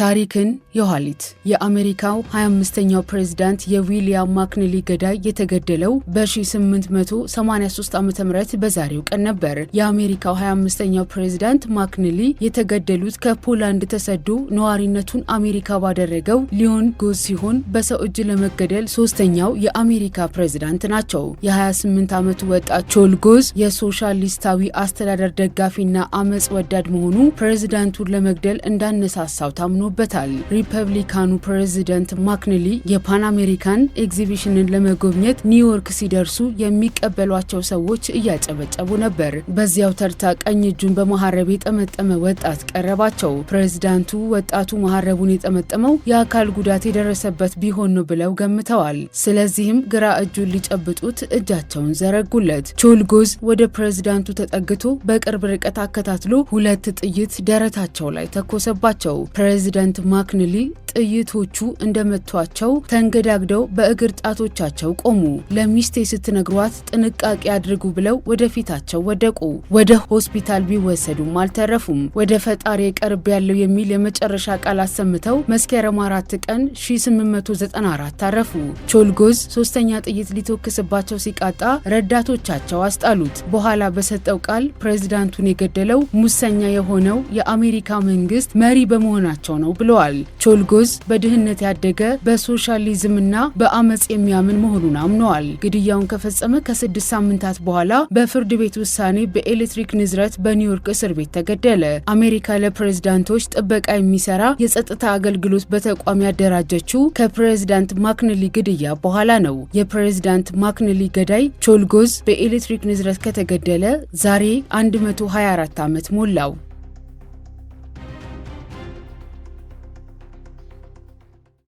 ታሪክን የኋሊት የአሜሪካው 25ኛው ፕሬዝዳንት የዊልያም ማክንሊ ገዳይ የተገደለው በ1883 ዓ ም በዛሬው ቀን ነበር። የአሜሪካው 25ኛው ፕሬዝዳንት ማክንሊ የተገደሉት ከፖላንድ ተሰዶ ነዋሪነቱን አሜሪካ ባደረገው ሊዮን ጎዝ ሲሆን በሰው እጅ ለመገደል ሶስተኛው የአሜሪካ ፕሬዝዳንት ናቸው። የ28 ዓመቱ ወጣት ቾል ጎዝ የሶሻሊስታዊ አስተዳደር ደጋፊና አመፅ ወዳድ መሆኑ ፕሬዝዳንቱን ለመግደል እንዳነሳሳው ታምኖ ተጠቅመውበታል። ሪፐብሊካኑ ፕሬዚደንት ማክንሊ የፓን አሜሪካን ኤግዚቢሽንን ለመጎብኘት ኒውዮርክ ሲደርሱ የሚቀበሏቸው ሰዎች እያጨበጨቡ ነበር። በዚያው ተርታ ቀኝ እጁን በመሐረብ የጠመጠመ ወጣት ቀረባቸው። ፕሬዚዳንቱ ወጣቱ መሐረቡን የጠመጠመው የአካል ጉዳት የደረሰበት ቢሆን ነው ብለው ገምተዋል። ስለዚህም ግራ እጁን ሊጨብጡት እጃቸውን ዘረጉለት። ቾልጎዝ ወደ ፕሬዚዳንቱ ተጠግቶ በቅርብ ርቀት አከታትሎ ሁለት ጥይት ደረታቸው ላይ ተኮሰባቸው። ፕሬዚዳንቱ President Mark ጥይቶቹ እንደመቷቸው ተንገዳግደው በእግር ጣቶቻቸው ቆሙ። ለሚስቴ ስትነግሯት ጥንቃቄ አድርጉ ብለው ወደፊታቸው ወደቁ። ወደ ሆስፒታል ቢወሰዱም አልተረፉም። ወደ ፈጣሪ ቀርብ ያለው የሚል የመጨረሻ ቃል አሰምተው መስከረም አራት ቀን 1894 አረፉ። ቾልጎዝ ሶስተኛ ጥይት ሊተኩስባቸው ሲቃጣ ረዳቶቻቸው አስጣሉት። በኋላ በሰጠው ቃል ፕሬዝዳንቱን የገደለው ሙሰኛ የሆነው የአሜሪካ መንግስት መሪ በመሆናቸው ነው ብለዋል። ቾልጎዝ ህዝብ በድህነት ያደገ በሶሻሊዝምና በአመፅ የሚያምን መሆኑን አምነዋል። ግድያውን ከፈጸመ ከስድስት ሳምንታት በኋላ በፍርድ ቤት ውሳኔ በኤሌክትሪክ ንዝረት በኒውዮርክ እስር ቤት ተገደለ። አሜሪካ ለፕሬዝዳንቶች ጥበቃ የሚሰራ የጸጥታ አገልግሎት በተቋም ያደራጀችው ከፕሬዝዳንት ማክንሊ ግድያ በኋላ ነው። የፕሬዝዳንት ማክንሊ ገዳይ ቾልጎዝ በኤሌክትሪክ ንዝረት ከተገደለ ዛሬ 124 ዓመት ሞላው።